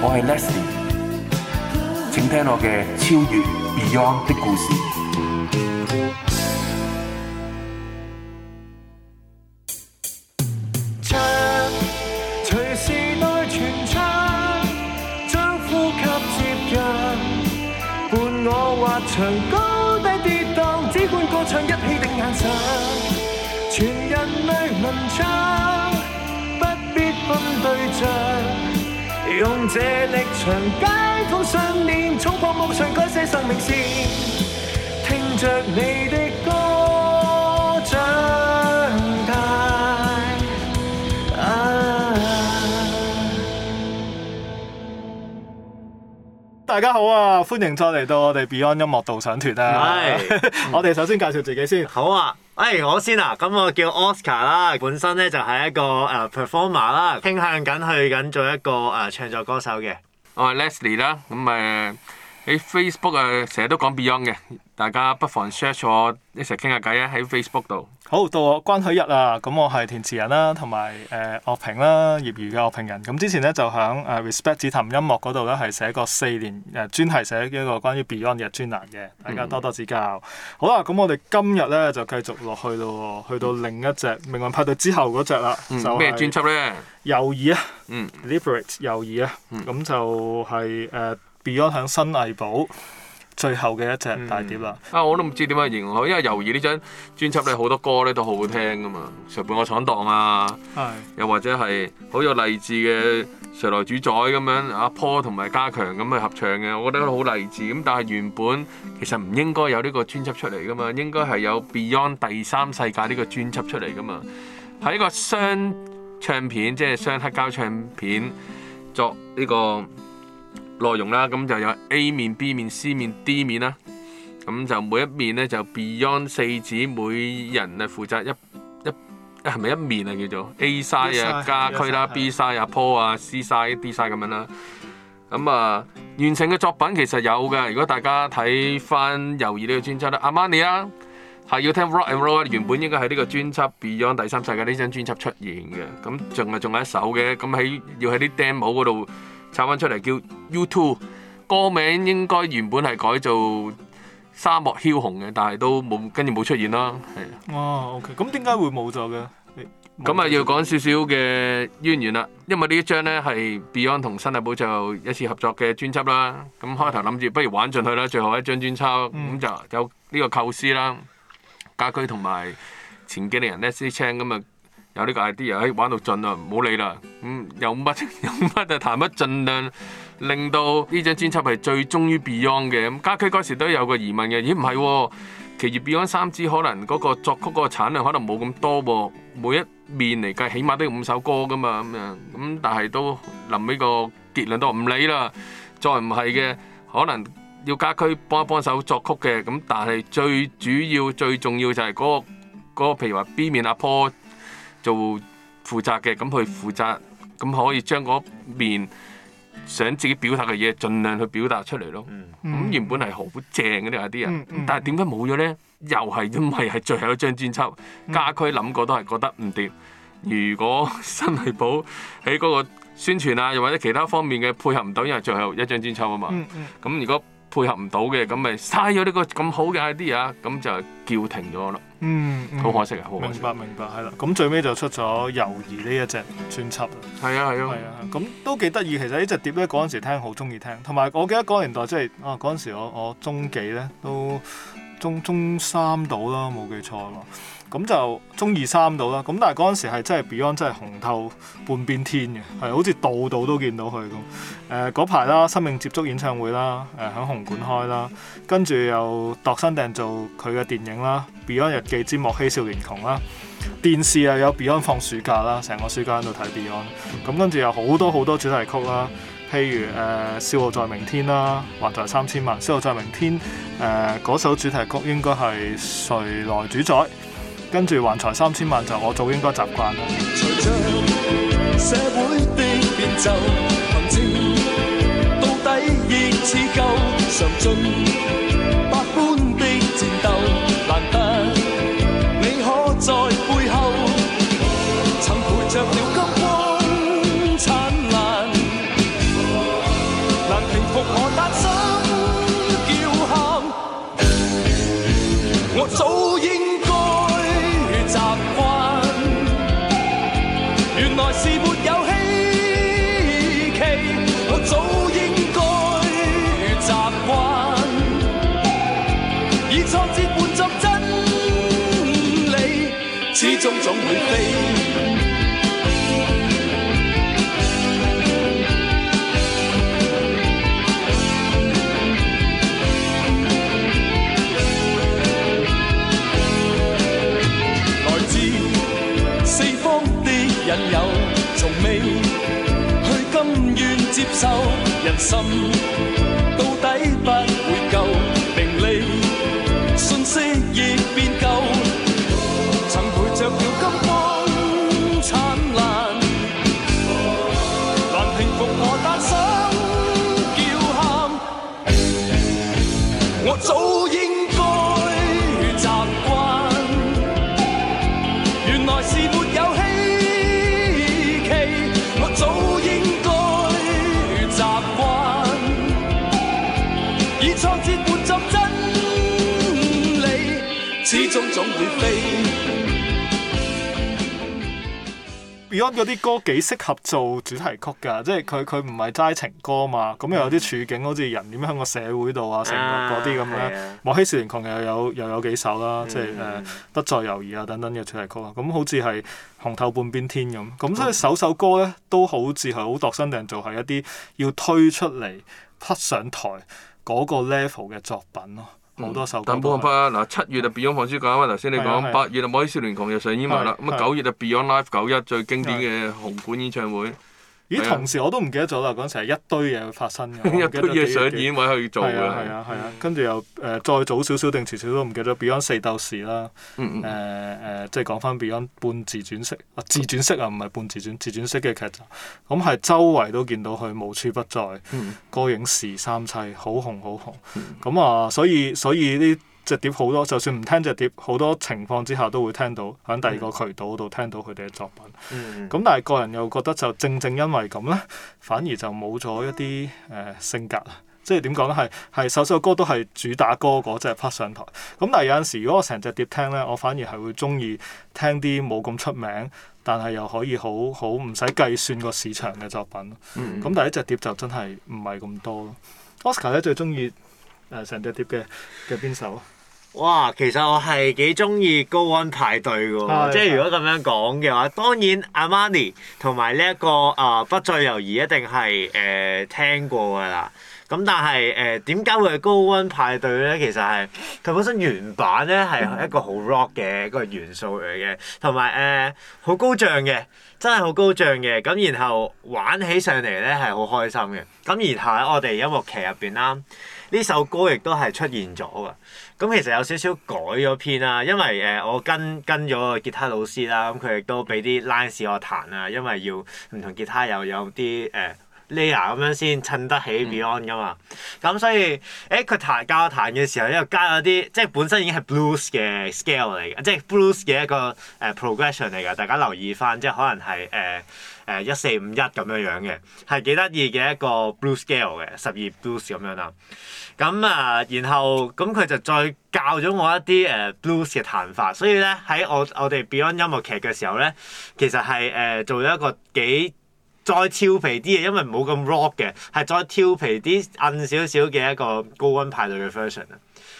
我係 Leslie，請聽我嘅超越 Beyond 的故事。唱， 隨時代傳唱，將呼吸接近，伴我滑翔高低跌宕，只管歌唱一起定眼神。用這力強街凍信念，沖破夢想改寫生命線，聽着你的歌長大。啊啊、大家好啊，歡迎再嚟到我哋 Beyond 音樂導賞團啊！係，我哋首先介紹自己先。好啊。誒、哎、我先啊，咁我叫 Oscar 啦，本身咧就係、是、一個誒、uh, performer 啦，傾向緊去緊做一個誒、uh, 唱作歌手嘅。我係 Leslie 啦，咁誒。Uh 喺 Facebook 啊，成日都講 Beyond 嘅，大家不妨 share 我，一齊傾下偈啊！喺 Facebook 度。好，到我關許日啊，咁、嗯、我係填詞人啦，同埋誒樂評啦，業餘嘅樂評人。咁、嗯、之前咧就響誒、呃、Respect 紫檀音樂嗰度咧，係寫過四年誒、呃、專題，寫一個關於 Beyond 嘅專欄嘅，大家多多指教。嗯、好啦，咁、嗯、我哋今日咧就繼續落去咯，去到另一隻《命運派對》之後嗰隻啦，就咩、是嗯、專輯咧？猶豫異啊、嗯、Liberate d e 猶豫啊，咁、嗯嗯、就係、是、誒。呃 Beyond 響新藝寶最後嘅一隻大碟啦！嗯、啊，我都唔知點樣形容，因為猶豫呢張專輯咧，好多歌咧都好好聽噶嘛，《誰伴我闖蕩》啊，是又或者係好有勵志嘅《誰來主宰、啊》咁是、啊、樣阿 Paul 同埋加強咁去合唱嘅、啊，我覺得都好勵志。咁但係原本其實唔應該有呢個專輯出嚟噶嘛，應該係有 Beyond 第三世界呢個專輯出嚟噶嘛，喺個雙唱片，即係雙黑膠唱片作呢、這個。內容啦，咁就有 A 面、B 面、C 面、D 面啦。咁就每一面咧就 Beyond 四子，每人啊負責一一係咪一面啊叫做 A side 啊 B side 加區啦，B side 啊 Paul 啊，C side、D side 咁樣啦。咁啊、呃，完成嘅作品其實有嘅。如果大家睇翻猶豫呢個專輯啦 Armani 啊係、啊、要聽 Rock and Roll 原本應該喺呢個專輯 Beyond 第三世界呢張專輯出現嘅。咁仲係仲係一首嘅。咁喺要喺啲 demo 嗰度。拆翻出嚟叫 You Two，歌名應該原本係改做沙漠梟雄嘅，但係都冇跟住冇出現啦，係啊。哦，OK，咁點解會冇咗嘅？咁啊，要講少少嘅淵源啦，因為呢一張咧係 Beyond 同新藝寶最後一次合作嘅專輯啦。咁開頭諗住不如玩進去啦，最後一張專輯咁、嗯、就有呢個構思啦。家駒同埋前幾年人 l e s Change 咁啊。有呢個 idea 喺玩到盡啦，唔好理啦。咁有乜有乜就談乜，盡量令到呢張專輯係最忠於 Beyond 嘅。咁家駒嗰時都有個疑問嘅，咦唔係、哦？其實 Beyond 三子可能嗰個作曲嗰個產量可能冇咁多喎、哦，每一面嚟計，起碼都要五首歌噶嘛咁樣。咁、嗯、但係都臨尾個結論都唔理啦。再唔係嘅，可能要家駒幫一幫手作曲嘅。咁但係最主要最重要就係嗰、那個嗰、那個，譬如話 B 面阿 Paul。做負責嘅咁去負責，咁可以將嗰邊想自己表達嘅嘢，盡量去表達出嚟咯。咁原本係好正嘅呢啲人，但係點解冇咗呢？又係因為係最後一張專輯，家駒諗過都係覺得唔掂。如果新藝寶喺嗰個宣傳啊，又或者其他方面嘅配合唔到，因為最後一張專輯啊嘛。咁如果配合唔到嘅，咁咪嘥咗呢個咁好嘅 idea，咁就叫停咗咯、嗯。嗯，好可惜啊，好明白明白係啦。咁最尾就出咗《猶豫》呢一隻專輯。係啊係啊。係啊，咁、啊、都幾得意。其實只呢隻碟咧，嗰陣時聽好鍾意聽。同埋我記得嗰年代即係、就是、啊，嗰陣時我我中幾咧都中中三到啦，冇記錯喎。咁就中二三度啦。咁但係嗰陣時係真係 Beyond 真係紅透半邊天嘅，係好似度度都見到佢咁。誒嗰排啦，生命接觸演唱會啦，誒、呃、響紅館開啦，跟住又度身訂做佢嘅電影啦，mm-hmm.《Beyond 日記之莫欺少年窮》啦，電視又有 Beyond 放暑假啦，成個暑假喺度睇 Beyond。咁跟住有好多好多主題曲啦，譬如誒呃、《笑傲在明天》啦，《還在三千萬》。《笑傲在明天》誒、呃、嗰首主題曲應該係誰來主宰。跟住還財三千萬就我早應該習慣啦。以挫折伴作真理，始終總會飛。來自四方的引誘，從未去甘願接受人心。Beyond 嗰啲歌幾適合做主題曲㗎，即係佢佢唔係齋情歌嘛，咁、嗯、又有啲處境，好似人點樣喺個社會度啊，成嗰啲咁咧。莫欺的少年窮又有又有幾首啦，即係誒，不再猶豫啊等等嘅主題曲，咁好似係紅透半邊天咁。咁所以首首歌咧都好似係好度身定做，係一啲要推出嚟、匹上台嗰個 level 嘅作品咯。好、嗯、多首，但冇辦法啊！嗱是，七月就 Beyond 放暑假啊嘛，頭先你講，八月就摩伊斯聯狂就上演啦，咁啊，啊，啊九月就 Beyond Live 九一最經典嘅紅館演唱會。咦，同時我都唔記得咗啦，嗰陣時係一堆嘢發生嘅， 一堆嘢東上演位去做嘅。係啊係啊，啊啊 跟住又誒、呃、再早少少定遲少少都唔記得。Beyond 四鬥士啦，誒誒、 嗯呃，即係講翻 Beyond 半自傳式，啊、自傳式啊，唔係半自傳，自傳式嘅劇集。咁、嗯、係周圍都見到佢無處不在，嗯、歌影視三棲，好紅好紅。咁、嗯嗯、啊，所以所以啲隻碟好多，就算唔聽隻碟，好多情況之下都會聽到喺第二個渠道度聽到佢哋嘅作品。咁、mm hmm. 嗯、但係個人又覺得就正正因為咁咧，反而就冇咗一啲誒、呃、性格，即係點講咧？係係首首歌都係主打歌嗰隻拋上台。咁、嗯、但係有陣時，如果我成隻碟聽咧，我反而係會中意聽啲冇咁出名，但係又可以好好唔使計算個市場嘅作品。咁但係呢隻碟就真係唔係咁多。Oscar 咧最中意誒成隻碟嘅嘅邊首？哇！其實我係幾中意高溫派對嘅喎，的即係如果咁樣講嘅話，當然阿馬尼同埋呢一個啊、呃、不再猶豫一定係誒、呃、聽過嘅啦。咁但係誒點解會係高溫派對咧？其實係佢本身原版咧係一個好 rock 嘅一個元素嚟嘅，同埋誒好高漲嘅，真係好高漲嘅。咁然後玩起上嚟咧係好開心嘅。咁然後喺我哋音樂劇入邊啦，呢首歌亦都係出現咗㗎。咁其實有少少改咗編啦，因為誒、呃、我跟跟咗個吉他老師啦，咁佢亦都俾啲 lines 我彈啊，因為要唔同吉他又有啲誒、呃、layer 咁樣先襯得起 Beyond 噶嘛。咁所以誒佢、欸、彈教我彈嘅時候又，因為加咗啲即係本身已經係 blues 嘅 scale 嚟嘅，即係 blues 嘅一個誒、呃、progression 嚟嘅。大家留意翻即係可能係誒。呃誒一四五一咁樣樣嘅，係幾得意嘅一個 blues scale 嘅十二 blues 咁樣啦。咁啊、呃，然後咁佢就再教咗我一啲誒、呃、blues 嘅彈法，所以咧喺我我哋 Beyond 音樂劇嘅時候咧，其實係誒、呃、做咗一個幾再俏皮啲嘅，因為冇咁 rock 嘅，係再俏皮啲暗少少嘅一個高溫派對嘅 version 啊。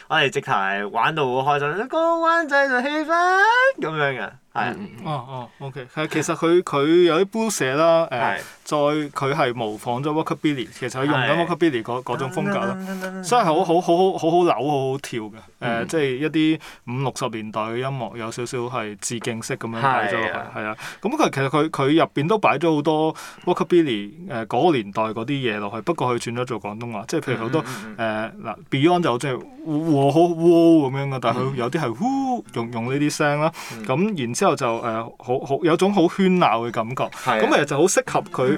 我哋直頭係玩到好開心，高溫製造氣氛咁樣啊！嗯嗯、哦哦，OK，係其實佢佢 有啲 blue 蛇啦，誒、uh。再佢係模仿咗 Rockabilly，其實佢用緊 Rockabilly 嗰嗰種風格咯，真係好好好好好好扭，好好跳嘅。誒，即係一啲五六十年代嘅音樂，有少少係致敬式咁樣擺咗落去係啊，咁佢其實佢佢入邊都擺咗好多 Rockabilly 誒嗰個年代嗰啲嘢落去，不過佢轉咗做廣東話。即係譬如好多誒嗱，Beyond 就好係 wo wo 咁樣嘅，但係佢有啲係 wo 用用呢啲聲啦。咁然之後就誒好好有種好喧鬧嘅感覺。咁其實就好適合佢。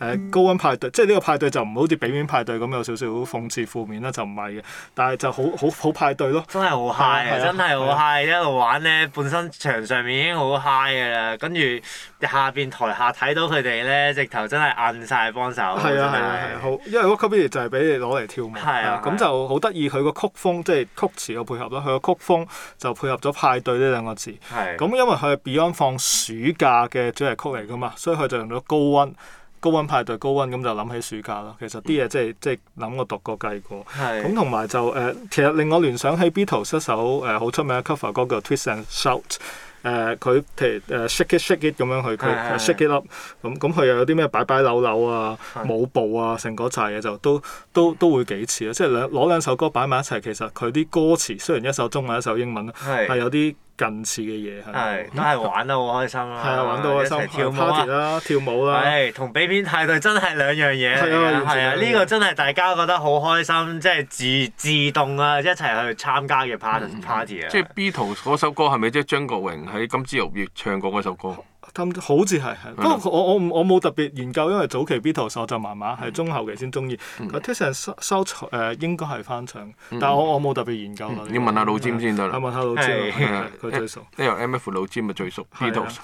誒高溫派對，即係呢個派對就唔好似俾面派對咁有少少諷刺負面啦，就唔係嘅。但係就好好好派對咯，真係好 high、啊、真係好 high、啊、一路玩咧，本身場上面已經好 high 嘅啦。跟住下邊台下睇到佢哋咧，直頭真係硬晒幫手。係啊係啊係、啊啊，好，因為《Welcome to y 就係俾你攞嚟跳舞，咁、啊啊、就好得意。佢個曲風即係曲詞嘅配合咯，佢個曲風就配合咗派對呢兩個字。係、啊。咁因為佢係 Beyond 放暑假嘅主題曲嚟㗎嘛，所以佢就用咗高溫。高溫派對，高溫咁就諗起暑假咯。其實啲嘢、嗯、即係即係諗過、讀過、計過。咁是同埋就誒、呃，其實令我聯想起 Beatles 一首誒好、呃、出名嘅 cover 歌叫 Twist and Shout。誒佢、呃、誒、呃、shake it shake it 咁樣去，佢是 shake it up。咁咁佢又有啲咩擺擺扭扭啊、舞步啊，成嗰扎嘢就都都都，都會幾似咯。即係兩攞兩首歌擺埋一齊，其實佢啲歌詞雖然一首中文、一首英文啦，是是但有啲。近似嘅嘢係都係玩得好開心啦，一齊跳舞啊！Party 啦，跳舞啦，係同俾面態度真係兩樣嘢嚟啊！呢個真係大家覺得好開心，即係自自動啊，一齊去參加嘅 part party 啊！即係 Beatles 嗰首歌係咪即係張國榮喺《金枝玉葉》唱過嗰首歌？好似係係，不過我我我冇特別研究，因為早期 Beatles 我就麻麻，係中後期先中意。但 t e s l o 收收藏誒應該係翻唱，但係我我冇特別研究。要問下老詹先得啦。問下老詹，佢最熟。一樣 LMF 老詹咪最熟，Beatles。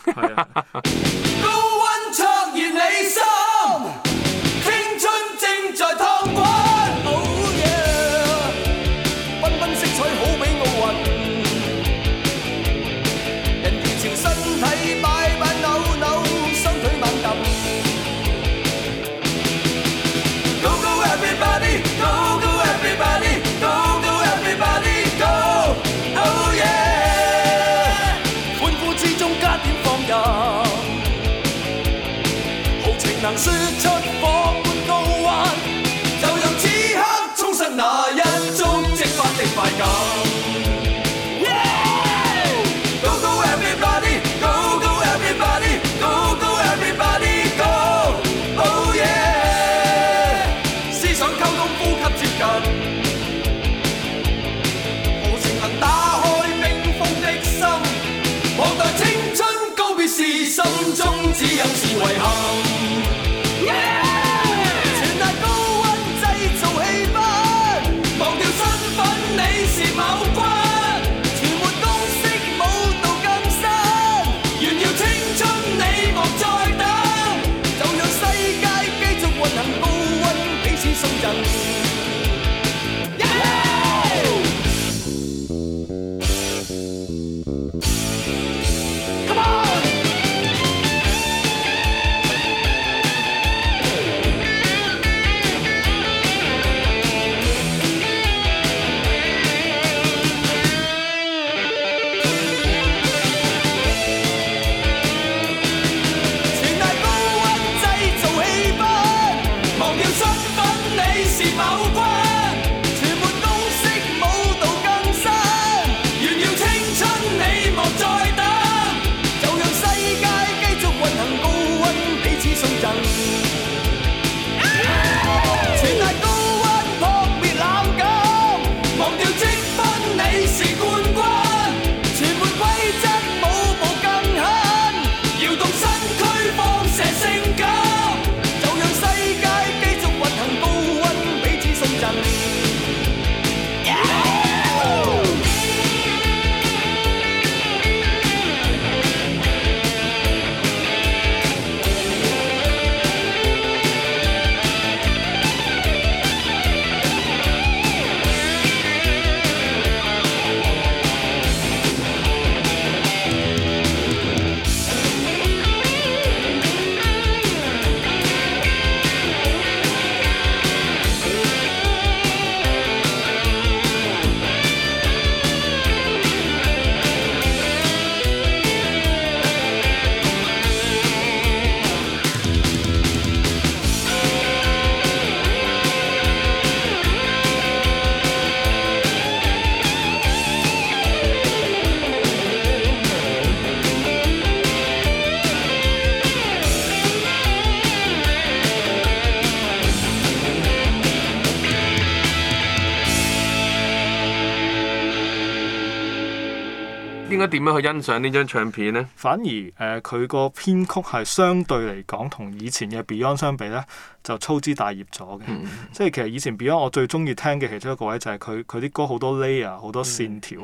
點樣去欣賞呢張唱片咧？反而誒，佢、呃、個編曲係相對嚟講，同以前嘅 Beyond 相比咧，就粗枝大葉咗嘅。嗯、即係其實以前 Beyond 我最中意聽嘅其中一個位就係佢佢啲歌好多 layer 好多線條。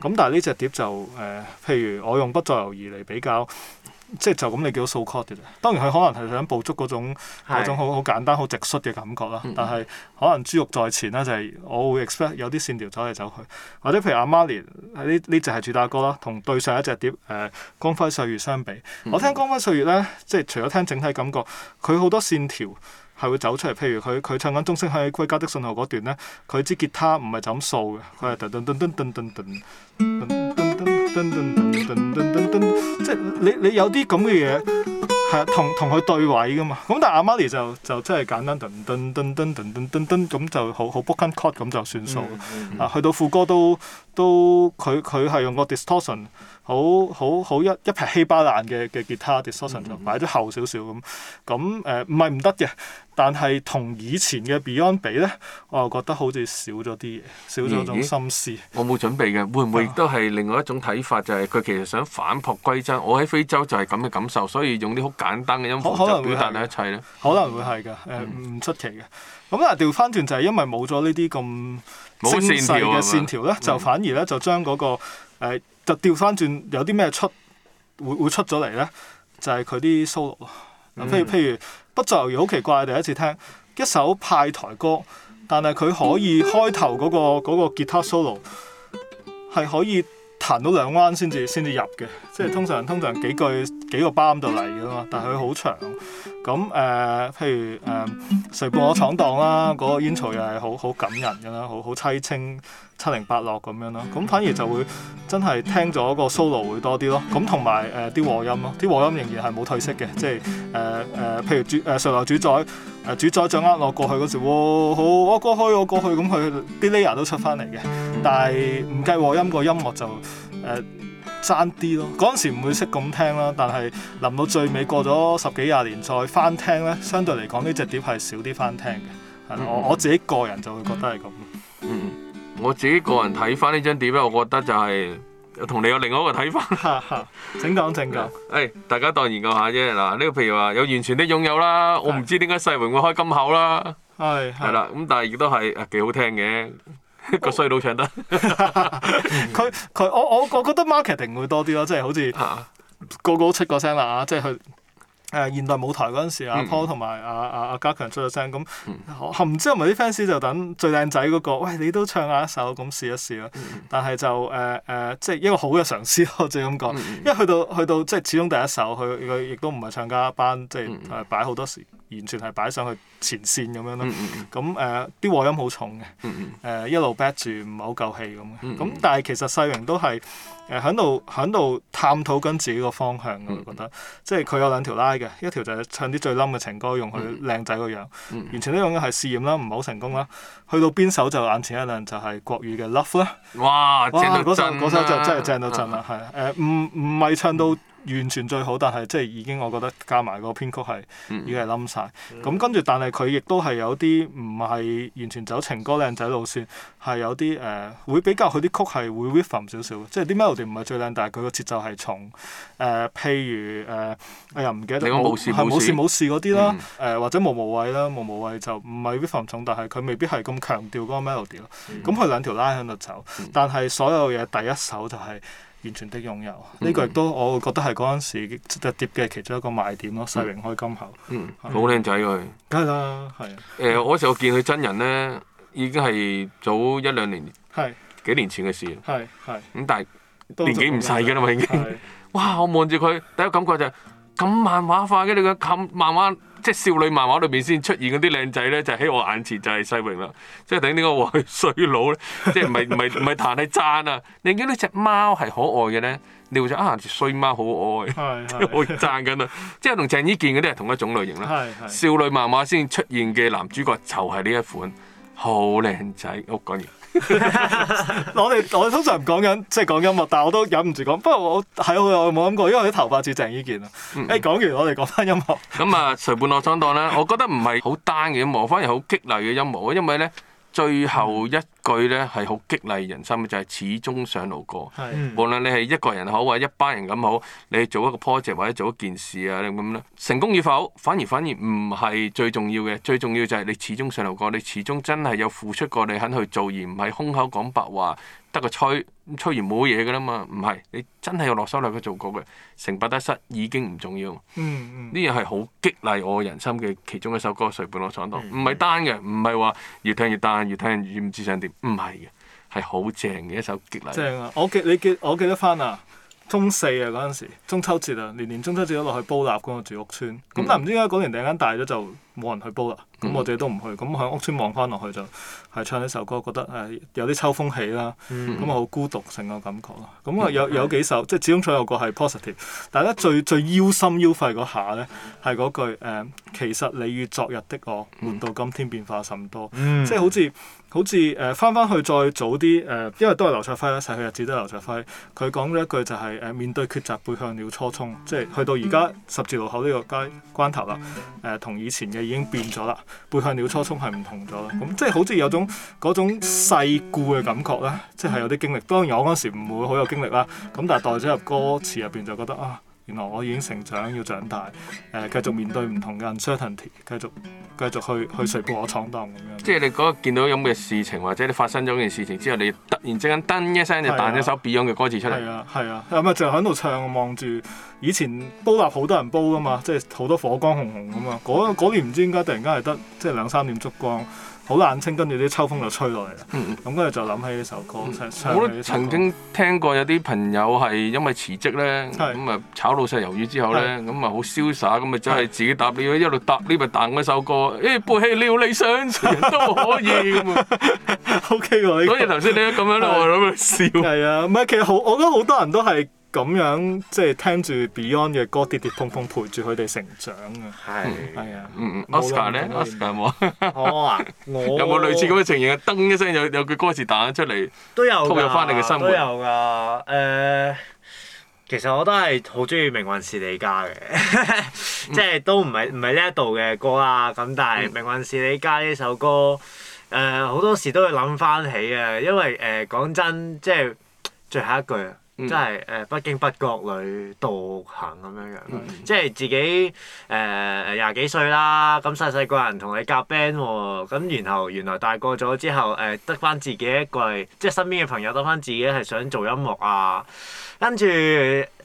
咁但係呢隻碟就誒、呃，譬如我用「不再猶豫」嚟比較。即係就咁，你叫做掃 chord 嘅啫。當然佢可能係想捕捉嗰種嗰種好好簡單好直率嘅感覺啦。但係可能豬肉在前啦，就係我會 expect 有啲線條走嚟走去。或者譬如阿瑪尼，呢呢隻係主打歌啦，同對上一隻碟《誒光輝歲月》相比。我聽《光輝歲月》咧，即係除咗聽整體感覺，佢好多線條係會走出嚟。譬如佢佢唱緊《鐘聲響起歸家的信號》嗰段咧，佢支吉他唔係就咁掃嘅，佢係噔噔噔噔噔噔噔。噔噔噔噔噔噔噔，即係你你有啲咁嘅嘢係同同佢對位嘅嘛。咁但係阿媽咪就就真係簡單，噔噔噔噔噔噔噔咁就好好 b o o k e c h r d 咁就算數。啊，去到副歌都都佢佢係用個 distortion。好好好一一劈稀巴爛嘅嘅吉他 distortion 就擺得厚少少咁。咁誒唔係唔得嘅，但係同以前嘅 Beyond 比咧，我又覺得好似少咗啲嘢，少咗種心思。嗯、我冇準備嘅，會唔會亦都係另外一種睇法？就係、是、佢其實想反璞歸真。我喺非洲就係咁嘅感受，所以用啲好簡單嘅音符就表達曬一切咧。可能會係㗎，誒唔出奇嘅。咁啊調翻轉就係因為冇咗呢啲咁精細嘅線條咧，條就反而咧就將嗰個就調翻轉有啲咩出會會出咗嚟呢？就係、是、佢啲 solo 咯。譬、嗯、如譬如不再猶豫好奇怪，第一次聽一首派台歌，但係佢可以開頭嗰、那個那個吉他 solo 係可以彈到兩彎先至先至入嘅。即係、嗯、通常通常幾句幾個 bar 就嚟嘅啦嘛。但係佢好長。咁誒譬如誒誰伴我闖蕩啦，嗰、那個 intro 又係好好感人咁樣，好好凄清。七零八落咁樣咯，咁反而就會真係聽咗個 solo 會多啲咯。咁同埋誒啲和音咯，啲和音仍然係冇退色嘅，即係誒誒，譬如主誒、呃、上嚟主宰誒主宰掌握落過去嗰時，哇好、哦、我過去我過去咁，佢啲 layer 都出翻嚟嘅。但係唔計和音個音樂就誒爭啲咯。嗰陣時唔會識咁聽啦，但係臨到最尾過咗十幾廿年再翻聽咧，相對嚟講呢隻碟係少啲翻聽嘅。Mm hmm. 我我自己個人就會覺得係咁。嗯、mm。Hmm. 我自己個人睇翻呢張碟咧，我覺得就係、是、同你有另外一個睇法。請講、 嗯，請講。誒，大家當研究下啫。嗱，呢、這個譬如話有完全的擁有啦，我唔知點解世榮會開金口啦。係係啦，咁、嗯嗯、但係亦都係幾好聽嘅，哦、 個衰佬人唱得。佢佢我我我覺得 marketing 會多啲咯，即、就、係、是、好似、嗯、個個都出個聲啦、啊，即係佢。誒、呃、現代舞台嗰陣時，阿、嗯啊、Paul 同埋阿阿阿加強出咗聲，咁含唔知係咪啲 fans 就等最靚仔嗰、嗰個，喂你都唱下一首咁試一試啦。嗯、但係就誒誒、呃呃，即係一個好嘅嘗試咯，就咁講。因為去到去到即係始終第一首，佢佢亦都唔係唱家班，即係、嗯、擺好多時。完全係擺上去前線咁樣咯，咁誒啲和音重嗯嗯、呃、好重嘅，誒一路 back 住唔係好夠氣咁。咁、嗯、但係其實世榮都係誒喺度喺度探討緊自己個方向，嗯嗯，我覺得即係佢有兩條拉嘅，一條就係唱啲最冧嘅情歌，用佢靚仔個樣，嗯嗯完全都用嘅係試驗啦，唔係好成功啦。去到邊首就眼前一亮，就係、是、國語嘅 Love 啦。哇！哇！嗰首嗰首就真係正到震啦，係誒唔唔係唱到。完全最好，但係即係已經，我覺得加埋個編曲係已經係冧晒。咁跟住，但係佢亦都係有啲唔係完全走情歌靚仔路線，係有啲誒會比較佢啲曲係會 rhythm 少少。即係啲 melody 唔係最靚，但係佢個節奏係重誒。譬如誒，哎呀唔記得，冇事冇事冇事嗰啲啦。誒或者無無謂啦，無無謂就唔係 rhythm 重，但係佢未必係咁強調嗰個 melody 咯。咁佢兩條 line 喺度走，但係所有嘢第一首就係。完全的擁有，呢、這個亦都我會覺得係嗰陣時特碟嘅其中一個賣點咯。世榮開金口，好靚仔佢，梗係啦，係誒嗰時候我見佢真人咧，已經係早一兩年是幾年前嘅事，係係咁，但係年紀唔細㗎啦嘛已經。 哇！我望住佢第一感覺就咁、是、漫畫化嘅你個咁漫畫。慢慢即係少女漫畫裏邊先出現嗰啲靚仔咧，就喺、是、我眼前就係西榮啦。即係點呢我係衰佬咧？ 即係唔係唔係唔係彈係讚啊？ 你見到隻貓係可愛嘅咧，你會想啊隻衰貓好可愛， 即係可以讚緊啦。 即係同鄭伊健嗰啲係同一種類型啦。 少女漫畫先出現嘅男主角就係呢一款好靚仔好，講完。 我哋我通常唔講緊，即係講音樂，但係我都忍唔住講。不過我喺我冇諗過，因為啲頭髮似鄭伊健啊！誒、嗯欸、講完，我哋講翻音樂。咁啊、嗯，隨伴我上當啦！ 我覺得唔係好單嘅音樂，反而好激勵嘅音樂，因為咧最後一嗯句咧係好激勵人心嘅，就係、是、始終上路過。是無論你係一個人好，或者一班人咁好，你做一個 project 或者做一件事啊，咁、嗯、啦，成功與否反而反而唔係最重要嘅，最重要就係你始終上路過，你始終真係有付出過，你肯去做，而唔係空口講白話得個吹，吹完冇嘢噶啦嘛。唔係你真係有落手落去做過嘅，成敗得失已經唔重要。呢樣係好激勵我人心嘅其中一首歌，誰伴我闖蕩。唔係單嘅，唔係話越聽越單，越聽越唔知想點。唔係嘅，係好正嘅一首激勵。正啊！我記你記我記得翻啊，中四啊嗰陣時，中秋節啊，年年中秋節都落去煲蠟嘅我住屋村。咁但係唔知點解嗰年突然間大咗就。冇人去煲啦，咁我哋都唔去。咁喺屋村望翻落去就係唱呢首歌，覺得誒、呃、有啲秋風起啦，咁啊好孤獨成個感覺咯。咁啊有有幾首即係始終所有歌係 positive，大家最最腰心腰肺嗰下呢，係嗰句誒、呃、其實你與昨日的我，活到今天變化甚多，嗯、即係好似好似誒翻翻去再早啲誒、呃，因為都係劉卓輝啦，逝去日子都係劉卓輝。佢講咗一句就係、是、誒、呃、面對抉擇背向了初衷，即係去到而家、嗯、十字路口呢個關關頭啦。誒、呃、同以前嘅。已經變咗啦，背向鳥初衷係唔同咗啦，咁 即係好似有種嗰種世故嘅感覺啦，即係有啲經歷。當然我嗰陣時唔會好有經歷啦，咁但係代咗入歌詞入邊就覺得啊，原來我已經成長要長大、呃，誒繼續面對唔同嘅 uncertainty，繼續繼續去去隨便我闖蕩咁樣。即係你嗰日見到咁嘅事情，或者你發生咗件事情之後，你突然之間噔一聲就彈咗首 Beyond 嘅是、啊、歌詞出嚟，係啊係啊，咁啊，是啊、嗯、就喺度唱望住。以前煲蠟好多人煲噶嘛，即係好多火光紅紅咁嘛。嗰年唔知點解突然間係得即係兩三點燭光，好冷清，跟住啲秋風就吹落嚟啦。咁跟住就諗起呢首歌。嗯、首歌我覺得曾經聽過有啲朋友係因為辭職咧，咁啊是炒老細魷魚之後咧，咁啊好瀟灑，咁啊真係自己搭呢一路搭呢咪彈嗰首歌，誒是、哎、背棄了理想誰人都可以咁、 okay，啊。OK 喎，嗰日頭先你咁樣我諗住笑。係 啊，唔係其實好，我覺得好多人都係。咁樣即係聽住 Beyond 嘅歌跌跌碰碰陪住佢哋成長啊！係係啊，Oscar 咧？Oscar 冇啊、 哦！我有冇類似咁嘅情形啊？噔一聲，有有句歌詞彈出嚟，都有㗎，你生活都有㗎。誒、呃，其實我都係好中意《命運是你家》嘅， 即係都唔係唔係呢一度嘅歌啦。咁但係《命運是你家》呢首歌誒，好、呃、多時都會諗翻起啊，因為誒、呃、講真，即係最後一句啊！嗯、即係誒不經不覺裏度行咁樣樣，即係自己誒廿幾歲啦，咁細細個人同你夾 band 喎、哦，咁然後，原來大個咗之後，誒、呃、得翻自己一個，即係身邊嘅朋友得翻自己係想做音樂啊，跟住。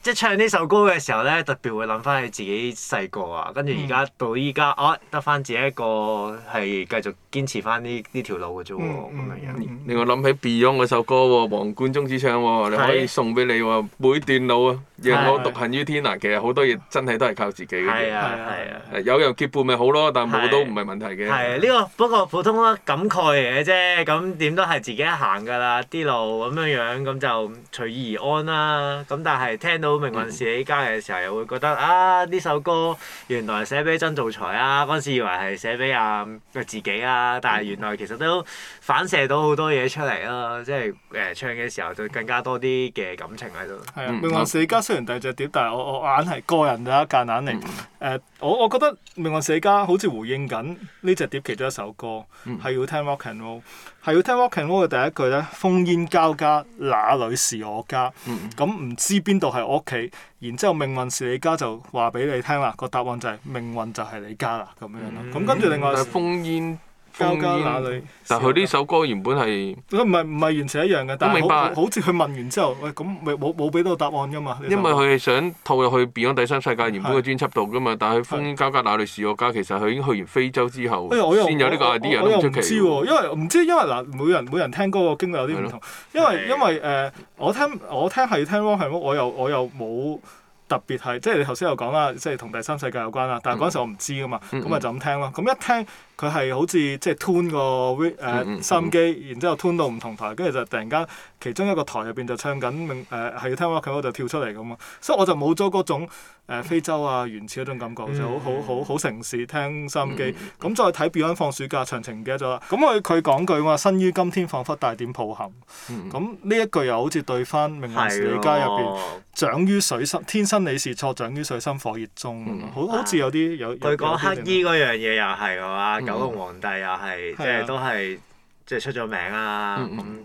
即唱呢首歌嘅時候咧，特別會諗翻起自己細個啊，跟住而家到依家，我得翻自己一個係繼續堅持翻呢呢條路嘅啫喎，咁樣樣。另外諗起 Beyond 嗰首歌喎，黃貫中主唱喎，你可以送俾你喎。每段路啊，讓我獨行於天涯。其實好多嘢真係都係靠自己嘅。係啊係啊。有人結伴咪好咯，但係冇都唔係問題嘅。係呢個不過普通咯，感慨嚟嘅啫。咁點都係自己行㗎啦，啲路咁樣樣，咁就隨遇而安啦。咁但係聽到。到《命運是你家》嘅時候，又會覺得啊，呢首歌原來寫俾曾造才啊，嗰陣時以為係寫俾啊，自己啊，但係原來其實都反射到好多嘢出嚟啦、啊，即係誒、呃、唱嘅時候就更加多啲嘅感情喺度。係啊，《命運是你家》雖然大隻啲，但係我我眼係個人啦，夾硬嚟。嗯誒，uh, 我我覺得命運是你家，好似回應緊呢隻碟其中一首歌，係、嗯、要聽 rock and roll，係要聽 rock and roll 嘅第一句咧，烽煙交加，哪裏是我家？咁唔、嗯嗯、知邊度係我屋企，然之後命運是你家就話俾你聽啦，個答案就係、是、命運就係你家啦咁樣啦。咁、嗯、跟住另外烽煙。交加那利，但佢呢首歌原本係，唔係唔係完全一樣嘅，但係好好似佢問完之後，喂咁未冇冇俾到答案㗎嘛？因為佢想套入去 Beyond 第三世界原本嘅專輯度㗎嘛，的但係封交加那利視覺家，的家，家其實佢已經去完非洲之後，先、哎、有呢、這個 idea 都出奇知、啊、因為唔知因為嗱，每人每人聽歌個經歷有啲唔同的因，因為因為誒，我聽我聽係聽 Rock 我又我又冇。特別係即係你頭先又講啦，即係同第三世界有關啦。但係嗰陣時我唔知㗎嘛，咁咪、嗯嗯、就咁聽咯。咁一聽佢係好似即係 tune 個誒收音機，然之後 tune 到唔同台，跟住就突然間其中一個台入邊就唱緊誒，係、呃、要聽《Walking》就跳出嚟咁啊，所以我就冇咗嗰種。誒非洲啊，原始嗰種感覺，就好好好好城市聽收音機，咁再睇 Beyond 放暑假，詳情唔記得咗啦。咁佢佢講句話，生於今天彷彿帶點抱憾。咁呢一句又好似對翻《名門世家》入邊長於水深，天生你是錯，長於水深火熱中。好好似有啲有。佢講黑衣嗰樣嘢又係㗎嘛，九龍皇帝又係即係都係。即係出咗名啊！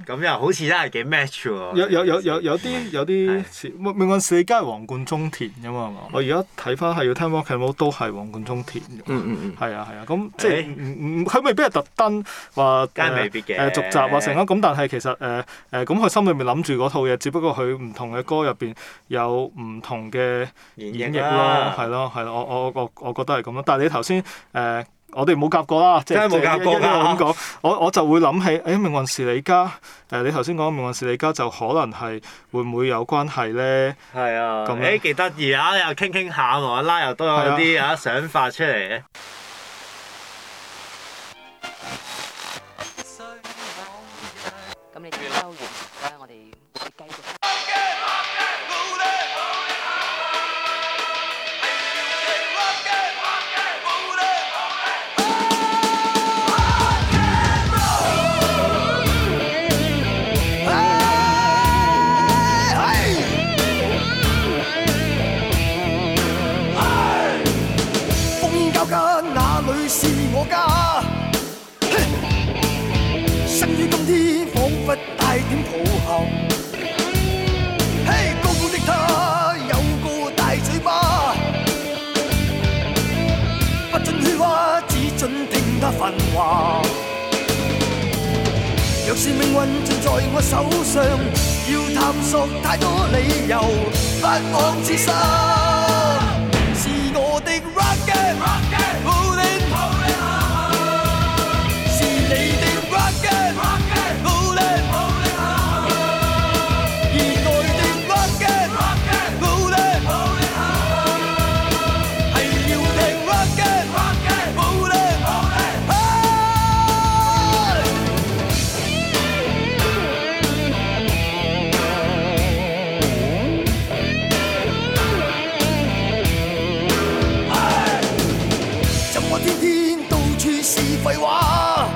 咁又好似都係幾 match 喎。有有有有啲有啲似《命命運是你家》黃貫中填㗎嘛？我而家睇翻係要聽《What Can I Do》都係黃貫中填。嗯嗯係啊係啊，咁即係唔唔，佢未必係特登話。都係未必嘅。續集啊，成啊，咁但係其實誒誒，咁佢心裏面諗住嗰套嘢，只不過佢唔同嘅歌入邊有唔同嘅演繹咯，係咯係咯。我我我我覺得係咁咯。但係你頭先誒。我哋冇夾過啦，即係冇夾過㗎。咁講，啊、我我就會諗起，誒、哎、命運是你家。誒、呃、你頭先講命運是你家，就可能係會唔會有關係咧？係啊，咁誒幾得意啊！又傾傾下我啦，又都有啲啊想法出嚟嘅。是命運盡在我手上，要探索太多理由，不枉此生。 是我的 rocking。廢話，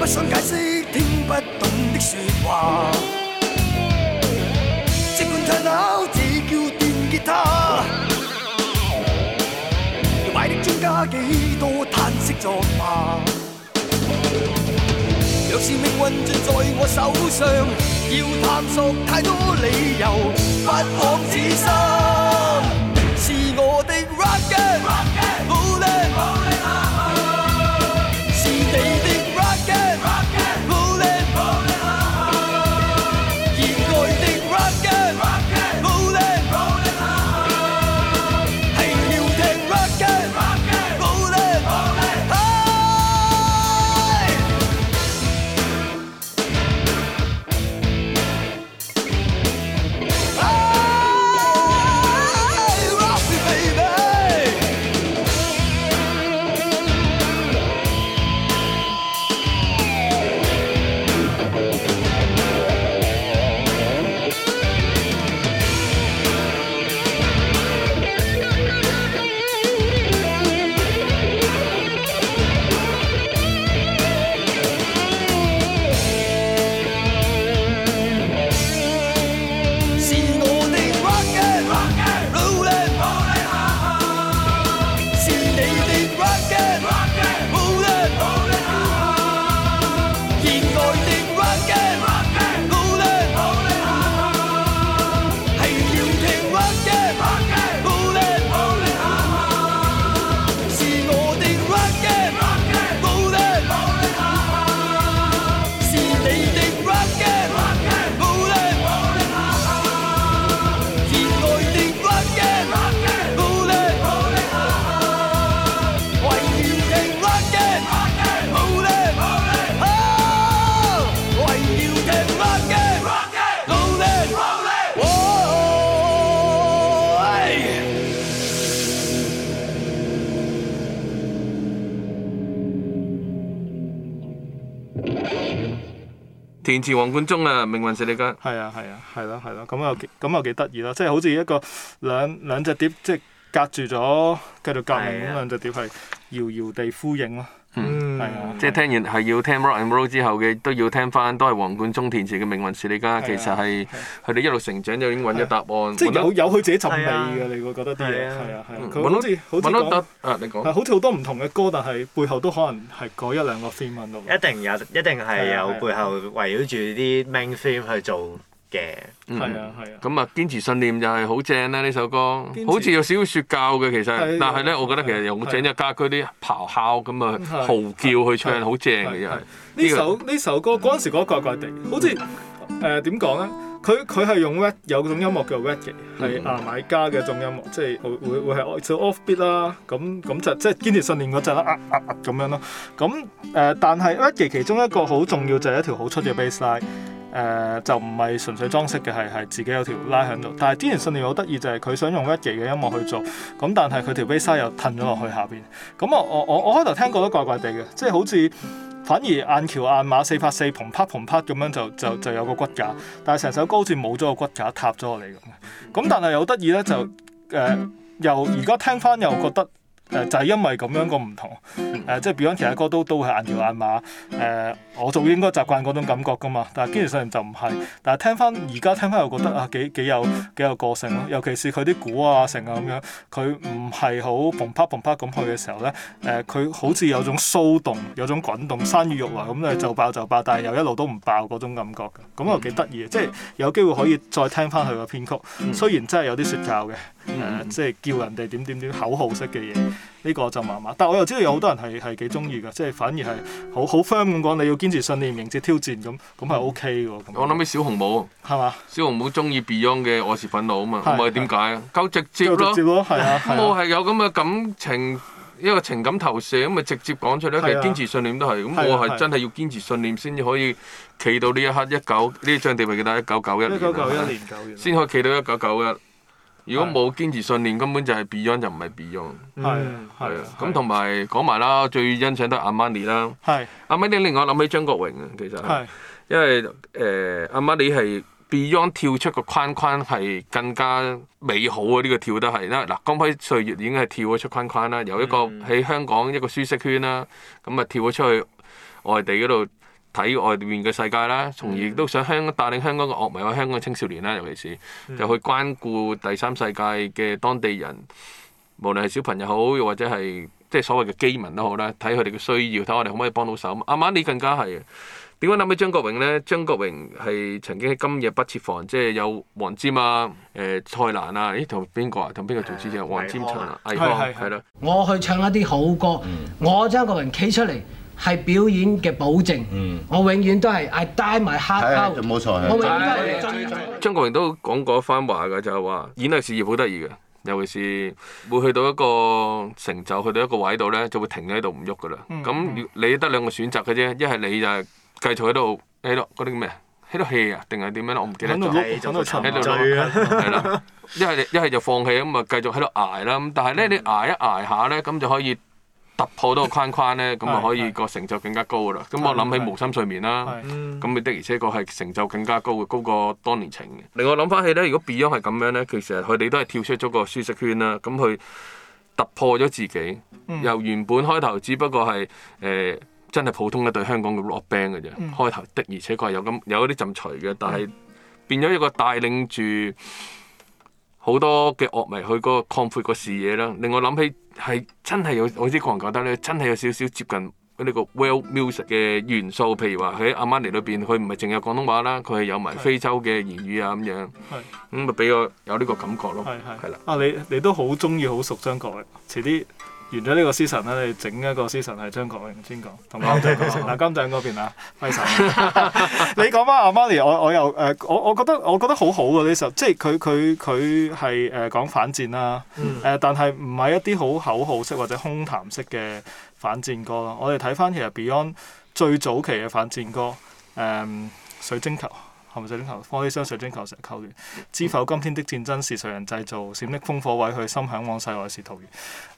不想解釋聽不懂的説話。即管唱好只叫電吉他，要買的專加幾多嘆息作罷。若是命運盡在我手上，要探索太多理由，不枉此生，是我的 rocking。填詞王冠中啊，命運是你的。係啊，係啊，係咯、啊，係咯、啊，咁、啊、又幾咁又幾得意咯，即、就、係、是、好似一個兩兩隻碟，即係隔住咗繼續革命嗰兩隻碟係遙遙地呼應咯。嗯，即係聽完係要聽《Rock and Roll》之後嘅，都要聽翻，都係黃貫中填詞嘅《命運是你家》，其實係佢哋一路成長就已經揾咗答案，即係有有佢自己陣味嘅，你會覺得啲嘢，係啊，係啊，佢好似好多唔同嘅歌，但係背後都可能係嗰一兩個 theme 咯。一定有，一定係有背後圍繞住啲 main theme 去做。嘅，係、嗯、啊，係啊，咁啊，堅持信念就係好正啦！呢首歌，持好似有少少說教嘅其實，啊、但係咧，啊、我覺得其實用整隻家居啲咆哮咁啊，嚎叫去唱好正嘅真係。呢首呢、這個、首歌嗰陣時嗰、那個怪怪地，好似誒點講咧？佢佢係用 we 有種音樂叫 reggae 係牙買加嘅一種音樂，即係會會會係做 off beat 啦。咁、嗯、咁就即係堅持信念嗰陣啦，噏、啊、咁、啊、樣咯。咁、嗯、誒、啊，但係 reggae 其中一個好重要就係一條好出嘅 bass line。誒就唔係純粹裝飾嘅，係係自己有條拉喺度。但係之前信念好得意，就係佢想用一嘅音樂去做，咁但係佢條 visa 又褪咗落去下邊。咁啊，我我我開頭聽覺都怪怪地嘅，即係好似反而硬橋硬馬四拍四 p 啪 n 啪咁樣就就就有個骨架，但係成首歌好似冇咗個骨架塌咗落嚟咁。咁但係又得意咧，就誒又而家聽翻又覺得。誒、呃、就係、是、因為咁樣個唔同，誒、呃、即係 Beyond 其他歌都都係硬橋硬馬，誒、呃、我仲應該習慣嗰種感覺㗎嘛。但係堅持上年就唔係，但係聽翻而家聽翻又覺得啊幾幾有幾有個性咯。尤其是佢啲鼓啊成啊咁樣，佢唔係好嘭啪嘭啪咁去嘅時候咧，誒、呃、佢好似有種騷動，有種滾動，山雨欲來咁咧就爆就爆，但係又一路都唔爆嗰種感覺嘅，咁又幾得意，即係有機會可以再聽翻佢個編曲，雖然真係有啲説教嘅，即係叫人哋點點點口號式嘅嘢。呢個就麻麻，但我又知道有好多人係係幾中意嘅，即係反而係好好 firm 咁講，你要堅持信念迎接挑戰咁，咁係 OK 嘅。我諗起小紅帽，係嘛吧？小紅帽中意 Beyond 嘅《我是憤怒》啊嘛，唔係點解？夠直接咯，係啊，啊，啊。我係有咁嘅感情，一個情感投射，咁咪直接講出嚟。其實堅持信念都係，咁、啊啊、我係真係要堅持信念先至可以企到呢一刻 19, 一九呢張地，記唔記得一九九一年？一九九一年先、啊、可以企到一九九一。如果冇堅持信念，根本就係 Beyond 就唔係 Beyond，嗯。係啊的，咁同埋講埋啦，最欣賞都 Amani 啦。係。Amani 令我諗起張國榮啊，其實。係的。因為誒 Amani 係 Beyond 跳出個框框係更加美好啊！呢，這個跳得係啦，嗱光輝歲月已經係跳咗出框框啦，有一個喺香港一個舒適圈啦，咁啊、嗯、跳咗出去外地嗰度。睇外面嘅世界啦，從而都想香帶領香港嘅樂迷啊，或香港嘅青少年啦，尤其是就去關顧第三世界嘅當地人，無論係小朋友好，又或者係即係所謂嘅饑民都好啦，睇佢哋嘅需要，睇我哋可唔可以幫到手。阿、啊、馬尼更加係點解諗起張國榮呢？張國榮係曾經喺《今夜不設防》，即係有黃沾啊、誒、呃、蔡瀾啊，咦同邊個啊？同邊個做主持啊？黃沾唱啊，藝芳係咯。我去唱一啲好歌，嗯、我張國榮企出嚟。係表演嘅保證，嗯、我永遠都係 I die my heart out，冇錯、嗯，張國榮都講過一番話㗎，就係、是、話演藝事業好得意嘅，尤其是會去到一個成就，去到一個位度咧，就會停喺度唔喐㗎啦。咁、嗯、你得兩個選擇嘅啫，一係你就係繼續喺度喺度嗰啲咩，喺度戲啊，定係點樣我唔記得咗。講到啦。一係一係就放棄，咁啊繼續喺度捱啦。咁但係咧，你捱一捱一下咧，咁就可以。突破到個框框咧，咁啊是可以個是成就更加高噶啦。咁是我諗起無心睡眠啦，咁是的而且確係成就更加高嘅，高過當年情。嘅。令我諗翻起咧，如果 Beyond 係咁樣咧，其實佢哋都係跳出咗個舒適圈啦，咁佢突破咗自己。是嗯、由原本開頭，只不過係誒、呃、真係普通一隊香港嘅 rock band 嘅啫。嗯、開頭的而且確係有咁有啲陣馳嘅，但係變咗一個帶領住好多嘅樂迷去嗰個擴闊個視野啦，令我諗起係真係有，我知啲人覺得咧，真係有少少接近呢個 w o l l music 嘅元素，譬如話喺阿 m 尼 n i 裏邊，佢唔係淨係廣東話啦，佢係有埋非洲嘅言語啊咁樣，咁咪俾我有呢個感覺咯，係是啦，啊你你都好中意好熟張國，遲啲。完咗呢個 season 咧，你整一個 season 係張國榮先講，同金仔講。嗱， 金仔嗰邊啊，揮手。 你講翻阿媽咪，我我又誒、呃，我我覺得我覺得好好㗎呢首，即係佢佢佢係誒講反戰啦、啊，誒、嗯呃、但係唔係一啲好口號式或者空談式嘅反戰歌咯。我哋睇翻其實 Beyond 最早期嘅反戰歌，誒、呃、水晶球。紅水晶球，玻璃箱水晶球成日扣亂。知否今天的戰爭是誰人製造？閃爍烽火燭，佢心向往世外是桃源。誒、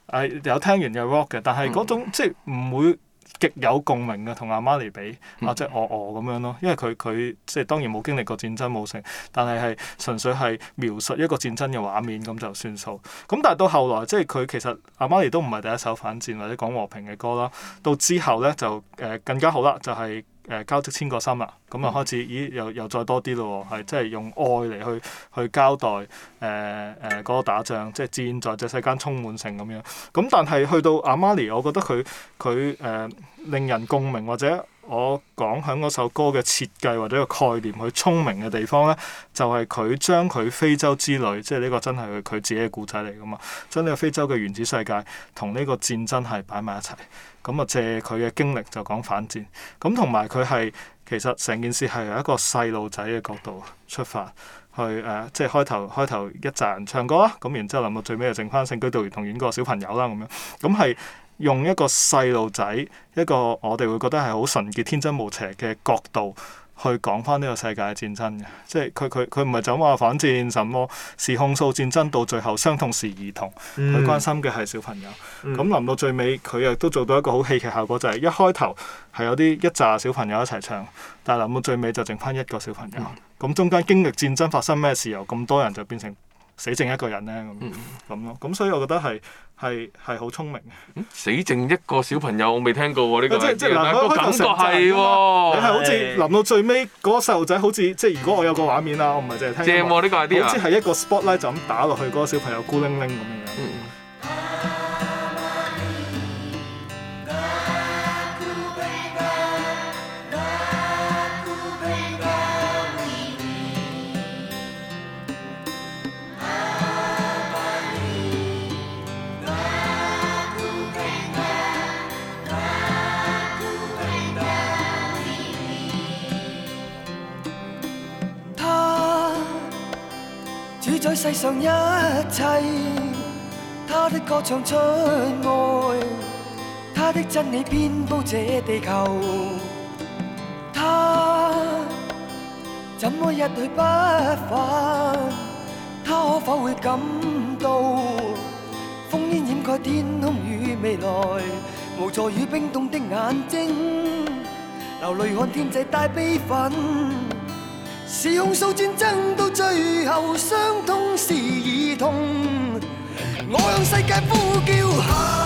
哎、有聽完有 rock 嘅，但係嗰種、嗯、即係唔會極有共鳴嘅，同阿媽尼比啊，即係我我咁樣咯。因為佢佢即係當然冇經歷過戰爭冇成，但係係純粹係描述一個戰爭嘅畫面咁就算數。咁但係到後來即係佢其實阿媽尼都唔係第一首反戰或者講和平嘅歌啦。到之後咧就誒、呃、更加好啦，就係、是。誒、呃、交織千個心啦，咁啊，開始，咦又又再多啲咯喎，係即係用愛嚟去去交代誒、誒、嗰個打仗，即係戰在這世間充滿性咁樣。咁但係去到阿媽尼，我覺得佢佢誒令人共鳴或者。我講響嗰首歌嘅設計或者個概念，佢聰明嘅地方咧，就係佢將佢非洲之旅，即係呢個真係佢自己嘅故仔嚟㗎嘛，將呢個非洲嘅原始世界同呢個戰爭係擺埋一齊，咁啊借佢嘅經歷就講反戰，咁同埋佢係其實成件事係由一個細路仔嘅角度出發去誒、呃，即係開頭開頭一扎人唱歌啊，咁然之後臨到最尾又剩翻聖居道演同演個小朋友啦，咁樣咁係。用一個細路仔，一個我哋會覺得係好純潔、天真無邪嘅角度去講翻呢個世界嘅戰爭嘅，即係佢佢佢唔係就咁話反戰什麼，係控訴戰爭到最後傷痛係兒童，佢關心嘅係小朋友。咁、嗯、臨到最尾，佢亦都做到一個好戲劇效果，就係、是、一開頭係有啲一紮小朋友一齊唱，但係臨到最尾就剩翻一個小朋友。咁、嗯、中間經歷戰爭發生咩事由，咁多人就變成。死剩一個人，咧咁，咁咯，咁所以我覺得係係係好聰明嘅。死剩一個小朋友，我未聽過喎呢個。即即嗱嗰個感覺係喎，你係好似臨到最尾嗰個細路仔，好似即如果我有個畫面啦，我唔係淨係聽。正呢個係好似係一個 spotlight 就咁打落去，嗰個小朋友孤零零咁樣。世上一切，他的歌唱出愛，他的真理遍布這地球。他怎麼一去不返？他可否會感到烽煙掩蓋天空與未來？無助與冰凍的眼睛，流淚看天際帶悲憤。是控訴戰爭到最後，傷痛是兒童。我向世界呼叫。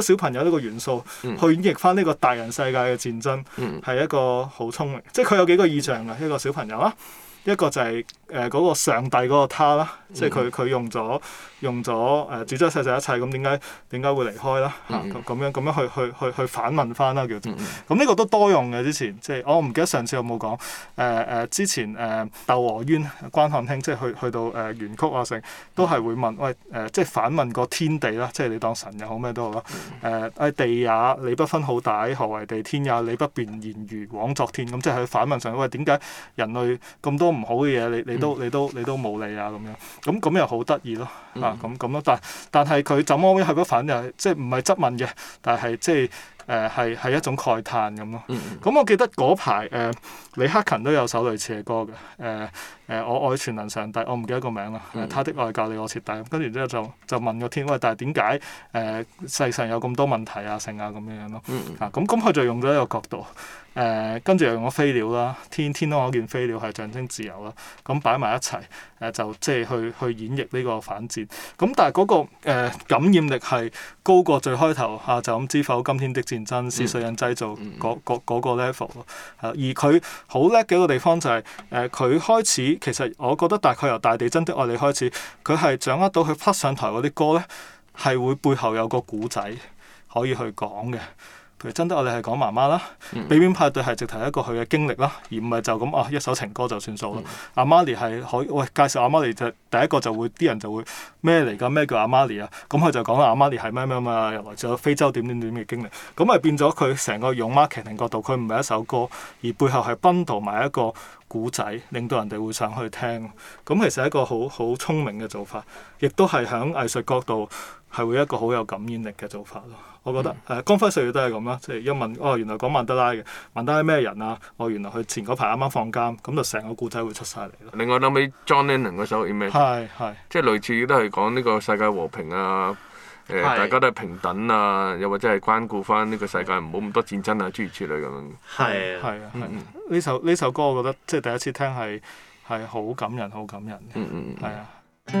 小朋友呢個元素，嗯、去演繹翻呢個大人世界嘅戰爭，係，嗯、一個好聰明，即係佢有幾個意象嘅一個小朋友啊，一個就係，是。誒嗰、呃那個上帝嗰個他啦，即係佢佢用咗用咗誒主宰世上一切，咁點解點解會離開啦嚇，咁樣咁樣去去去去反問翻啦、啊、叫做？咁呢個都多用嘅之前，即係我唔記得上次有冇講誒誒之前誒、呃《竇娥冤》關漢卿即係去去到誒元、呃、曲啊，成都係會問喂誒、呃，即係反問個天地啦，即係你當神又好咩都好啦，誒誒地也你不分好歹，何為地，天也你不辨言如，枉作天，咁即係去反問上帝，喂點解人類咁多唔好嘅嘢你你？你你都你都你都冇理啊咁樣，咁咁又好得意咯嚇咁咁咯，啊、但但係佢怎麼一係反份又即係唔係質問嘅，但係即係誒係係一種慨嘆咁咯。咁、嗯嗯、我記得嗰排誒李克勤都有首類似嘅歌嘅，誒、呃、誒、呃、我愛全能上帝，我唔記得個名啦、呃，他的愛教你，我徹底，跟住之後就就問個天喂，但係點解誒世上有咁多問題啊、成啊咁樣樣咯？咁咁、嗯嗯嗯，佢、啊、就用咗一個角度。誒、呃、跟住又用個飛鳥啦，天天都可見飛鳥係象徵自由啦，咁擺埋一齊誒、呃、就即係去去演繹呢個反戰。咁但係嗰、那個、呃、感染力係高過最開頭啊就咁知否今天的戰爭是誰人製造嗰、那個 level 咯、啊。而佢好叻嘅一個地方就係誒佢開始，其實我覺得大概由大地真的愛你開始，佢係掌握到佢 put 上台嗰啲歌咧係會背後有個古仔可以去講嘅。其實真得我哋係講媽媽啦，俾面、嗯、派對係直頭一個佢嘅經歷啦，而唔係就咁啊一首情歌就算數啦。嗯、阿瑪尼係可以喂介紹阿瑪尼就第一個就會啲人就會咩嚟㗎咩叫阿瑪尼啊，咁、嗯、佢就講阿瑪尼係咩咩咩，啊，或者非洲點點點嘅經歷，咁咪變咗佢成個用 marketing 角度，佢唔係一首歌，而背後係 bundle 埋一個古仔，令到人哋會想去聽。咁其實係一個好好聰明嘅做法，亦都係喺藝術角度係會一個好有感染力嘅做法咯。我覺得誒光輝歲月都係咁啦，即係一問哦，原來講曼德拉嘅，曼德拉咩人啊？哦，原來佢前嗰排啱啱放監，咁就成個故仔會出晒嚟。另外後屘 John Lennon 嘅首 Imagine 即係類似都係講呢個世界和平啊，誒大家都係平等啊，又或者係關顧翻呢個世界唔好咁多戰爭啊，諸如此類咁樣。係啊！係啊！呢首呢首歌我覺得即係第一次聽係係好感人，好感人嘅。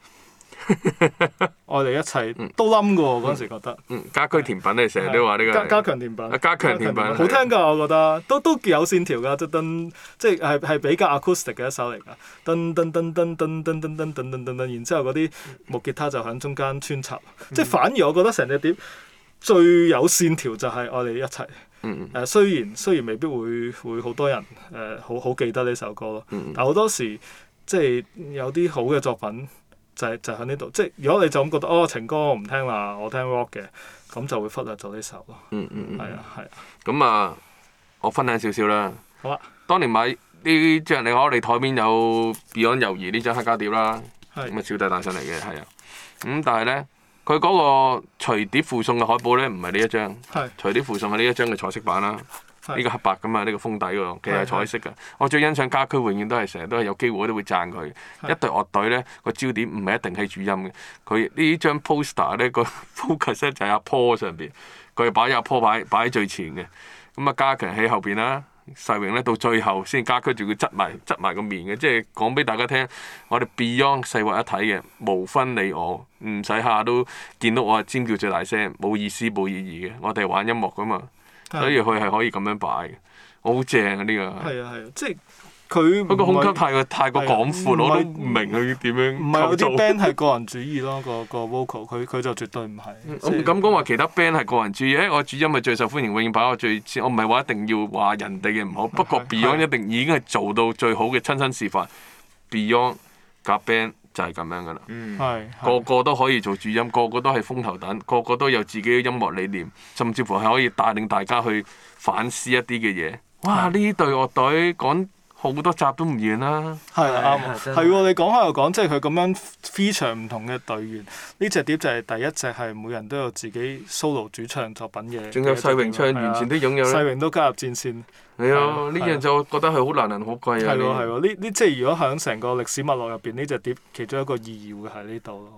我哋一切都冧嘅喎，嗰陣、嗯、時覺得。嗯、家居甜品你成日都話呢個。加加強甜品。加強甜品。好聽㗎，我覺得都都幾有線條㗎，即係係係比較 acoustic 嘅一首嚟㗎，噔噔噔噔噔噔噔噔噔噔噔，然之後嗰啲木吉他就喺中間穿插，嗯、即係反而我覺得成隻碟最有線條就係我哋一切。嗯 ấy、啊、嗯。雖然雖然未必會會好多人誒、啊、好好記得呢首歌咯。但好多時即係有啲好嘅作品。Commentary 就係就喺呢度，即係如果你就咁覺得哦情歌我唔聽啦，我聽 rock 嘅，咁就會忽略咗呢首咯。嗯嗯嗯。係啊係啊。咁啊，我分享少少啦。好啊。當年買呢張，你可你台面有 Beyond 猶豫呢張黑膠碟啦。係是。咁啊、嗯，小弟帶上嚟嘅係啊。咁、嗯、但係咧，佢嗰個隨碟附送嘅海報咧，唔係呢一張。係是。隨碟附送係呢一張嘅彩色版啦。呢個黑白㗎嘛，呢、這個封底喎，其實係彩色嘅。是是是，我最欣賞家駒，永遠都係成日都係，有機會我都會讚佢是是 一隊樂隊咧，個焦點唔係一定係主音嘅。佢呢張 poster 咧，個 focus 就係阿、啊、Paul 上邊，佢擺阿 Paul 擺喺最前嘅。咁啊，家強喺後邊啦。世榮咧，到最後先家駒，仲要執埋執埋個面嘅，即係講俾大家聽，我哋 Beyond 四位一體嘅，無分你我，唔使下都見到我尖叫最大聲，冇意思冇意義嘅。我哋玩音樂噶嘛。所以佢係可以咁樣擺，好正啊！呢、這個係啊係啊，即係佢不過空間太過太過廣闊，的我都唔明佢點、嗯、樣。唔係佢啲 band 係 個人主義咯，個、那個 vocal 佢佢就絕對唔係。嗯、是我唔敢講話其他 band 係 個人主義，誒、哎、我主音係最受歡迎，永遠擺我最我唔係話一定要話人哋嘅唔好，的不過 Beyond 的一定已經係做到最好嘅親身示範。Beyond 夾 band。就係咁樣噶啦，嗯、個個都可以做主音，個個都係風頭躉，個個都有自己嘅音樂理念，甚至乎係可以帶領大家去反思一啲嘅嘢。哇！呢隊的樂隊講好多集都唔遠唔完啦。係啱的，係喎、哎！你講下又講，即係佢咁樣 feature 唔同嘅隊員。呢隻碟就係第一隻，係每人都有自己 solo 主唱作品嘅。仲有世榮唱《完全的擁有》，世榮都加入戰線。係啊！呢樣就覺得係好難能可貴啊！呢啲即係如果喺成個歷史脈絡入邊，呢隻碟其中一個意義會喺呢度咯。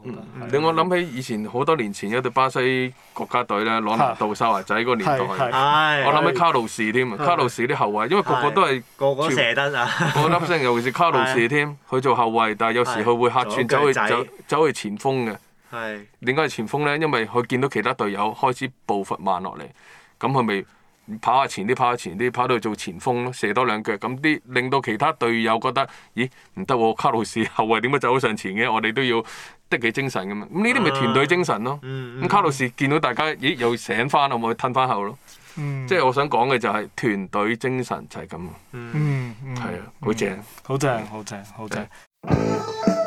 令我諗起以前好多年前有隊巴西國家隊咧，朗拿度、沙華仔嗰年代，我諗起卡路士添。卡路士啲後衞，因為個個都係個個射得啊！個粒聲，尤其是卡路士添，佢做後衞，但係有時佢會客串走去走去前鋒嘅。係點解係前鋒咧？因為佢見到其他隊友開始步伐慢落嚟，咁佢咪，跑下前啲，跑下前啲，跑到去做前鋒咯，射多兩腳咁啲，令到其他隊友覺得，咦，唔得喎，卡路士後衛啊，點解走咗上前嘅？我哋都要的起精神咁啊！咁呢啲咪團隊精神咯。咁、啊嗯嗯、卡路士見到大家，咦，又醒翻啊，我哋褪翻後咯。嗯、即係我想講嘅就係團隊精神就係咁、嗯。嗯，係啊，嗯、好正。好正，好正，好正、嗯。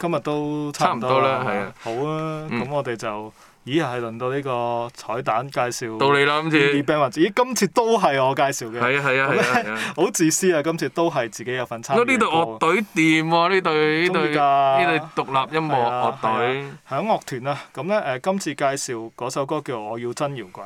今日都差唔多啦，係啊，好啊，咁我哋就，咦，係輪到呢個彩蛋介紹。到你啦，今次。Billboard 話：咦，今次都係我介紹嘅。係啊係啊係啊！好自私啊，今次都係自己有份參與。呢隊樂隊掂喎，呢隊呢隊呢隊獨立音樂樂隊，響樂團啊。咁咧誒，今次介紹嗰首歌叫《我要真搖滾》。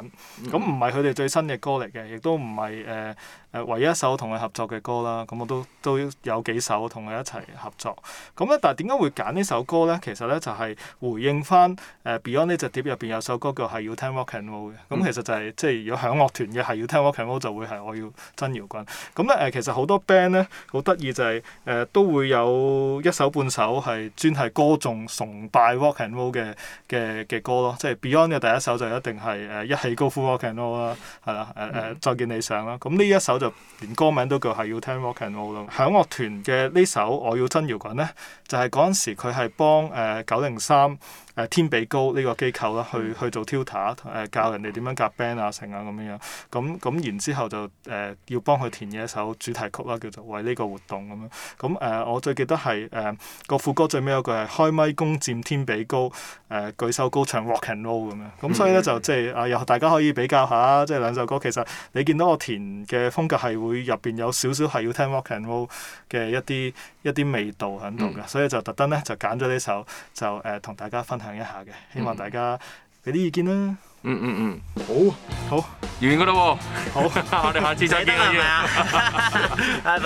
咁唔係佢哋最新嘅歌嚟嘅，亦都唔係誒。誒唯一一首同佢合作嘅歌啦，咁我都都有幾首同佢一齊合作。咁咧，但係點解會揀呢首歌咧？其實咧就係回應翻誒 Beyond 呢隻碟入邊有首歌叫係要聽 Rock and Roll 嘅。咁其實就係、是，嗯、即係如果響樂團嘅係要聽 Rock and Roll 就會係我要真搖滾。咁咧誒，其實好多 band 咧好得意就係、是、誒、呃、都會有一首半首係專係歌頌崇拜 Rock and Roll 嘅嘅嘅歌咯。即係 Beyond 嘅第一首就一定係誒一起高呼 Rock and Roll 啦，係啦誒誒再見理想啦。咁呢一首就就連歌名都叫係要聽 Rock and Roll 咯。響樂團嘅呢首《我要真搖滾》咧，就係嗰陣時佢係幫誒九零三。呃誒、呃、天比高呢個機構啦、啊，去去做 tutor、呃、教人哋點樣夾 band 啊，成啊咁樣樣。咁咁然之後就誒、呃、要幫佢填嘅一首主題曲啦，叫做為呢個活動咁樣。咁誒、呃、我最記得係誒個副歌最尾有句係開咪攻佔天比高，誒、呃、舉手高唱 rock and roll 咁樣。咁所以咧就即係啊，又、呃、大家可以比較下，即係兩首歌其實你見到我填嘅風格係會入邊有少少係要聽 rock and roll 嘅一啲。一啲味道喺度㗎，嗯、所以就特登咧就揀咗呢首就誒同、呃、大家分享一下嘅，希望大家俾啲意見啦。嗯嗯嗯，好啊好，完㗎啦喎，好， 我哋下次再見啦。 拜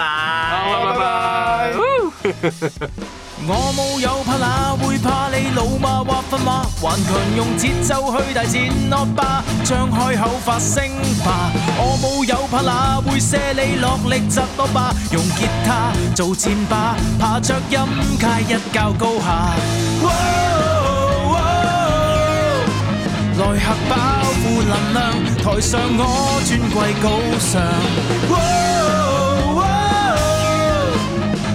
拜。拜拜。我冇有怕，那會怕你老媽或訓話？頑強用節奏去大戰惡霸，張開口發聲吧。我冇有怕，那會卸你落力窒惡霸，用吉他做戰吧，爬着音階一較高下。來合抱負能量，台上我尊貴高尚。Wow,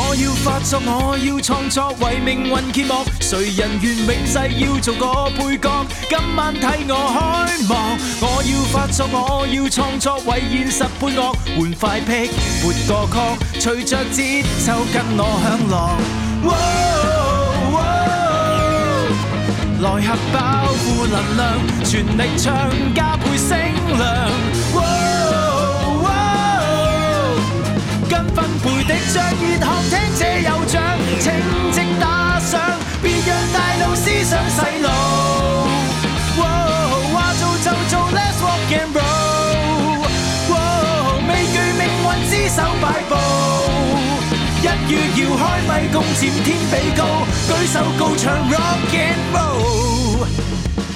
我要發作，我要創作，為命運揭幕。誰人願永世要做個配角？今晚替我開幕。我要發作，我要創作，為現實配樂。換塊皮，撥個曲，隨着節奏跟我響樂。來合抱負能量，全力唱加倍聲量、哦哦。跟分。滴著熱汗，聽者有獎，請即打賞，別讓大腦思想洗 o 哇！話做就做，Let's rock and roll。w o 哇！未懼命運之手擺佈，一於搖開咪，共佔天比高，舉手高唱 rock and roll。